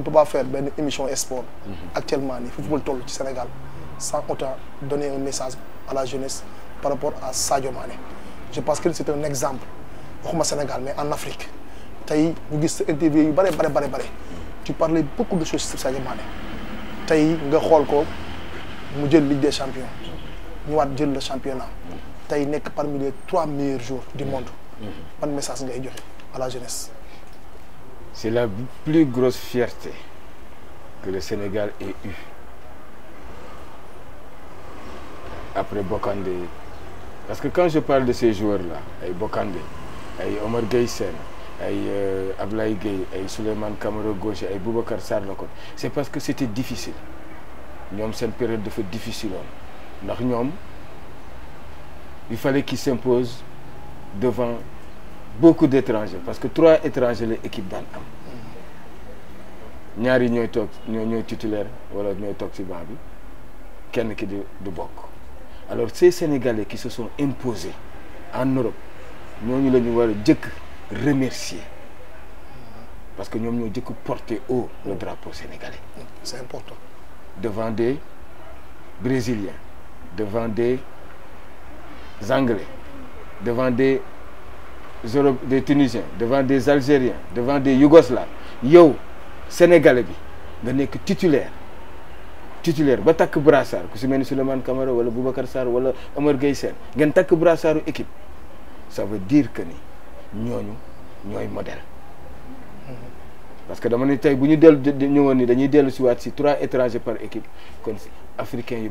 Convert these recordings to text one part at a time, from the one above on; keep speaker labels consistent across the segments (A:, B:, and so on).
A: on ne peut pas faire une émission sport. Mhm. actuellement le football toll ci Sénégal sans autant donner un message à la jeunesse par rapport à Sadio Mane. je pense que c'est un exemple Au Sénégal mais en Afrique tu parlais beaucoup de choses sur Sadio Mané dit nga le ko Ligue des champions nous avons jël le championnat parmi les trois meilleurs joueurs du monde un mhm. message à la jeunesse
B: c'est la plus grosse fierté que le Sénégal ait eue. Après Bokande. Parce que quand je parle de ces joueurs-là, avec Bokandé, avec Omar Gaysen, euh, avec Ablaï Gay, avec Suleiman Kamaro Gauche, avec Boubacar Sarlokot, c'est parce que c'était difficile. Nous avons une période de difficile. Nous, il fallait qu'ils s'imposent devant beaucoup d'étrangers parce que trois étrangers l'équipe équipe daan am ñaar yi titulaire wala ñoy tok ci bi kenn ki du alors ces Sénégalais qui se sont imposés en Europe Nous lañu wara jëk remercier parce que ñom ñoo porter haut le drapeau sénégalais. c'est important. devant des Brésiliens devant des Anglais devant des des Tunisiens devant des Algériens devant des Yougoslaves yow sénégalais bi nga titulaire titulaire ba que brassard que si Camara Boubacar Sarr équipe ça veut dire que nous sommes des modèles. parce que dans mon état, nous avons des si trois étrangers par équipe les africains yu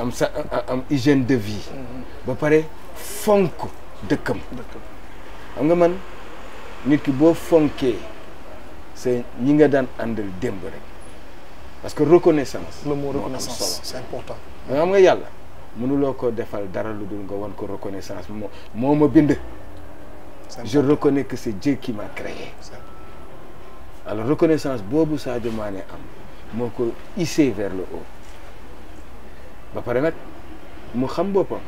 B: am sa am hygiène de vie. Mm-hmm. ba paré fonk deukam. xam nga man nit ki bo fonké c'est ñi nga daan àndal demb rek parce que reconnaissance. le mot reconnaissance c'est important. xam nga Yalla mënuloo ko dara lu dul nga wan ko reconnaissance moo bind. je reconnais que c'est Dieu qui m'a créé. alors reconnaissance boobu Sadio Mané am moko ko hissé vers le haut ba pare nag mu xam boppam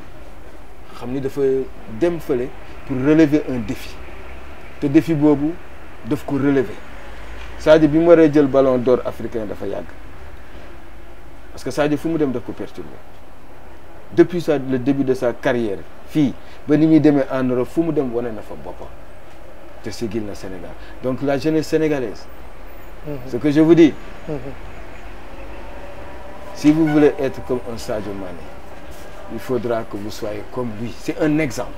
B: xam ni dafa dem feulé pour relever un défi te défi bobu daf ko relever Sadio bi mu jël ballon d'or africain dafa yag parce que Sadio fu mu dem daf ko perturber depuis ça le début de sa carrière fi ba ni ñuy en Europe fu mu dem woné na fa boppam te sigil na Sénégal donc la jeunesse sénégalaise. Mm-hmm. ce que je vous dis. Mm-hmm. Si vous voulez être comme un sage Mané, il faudra que vous soyez comme lui. C'est un exemple.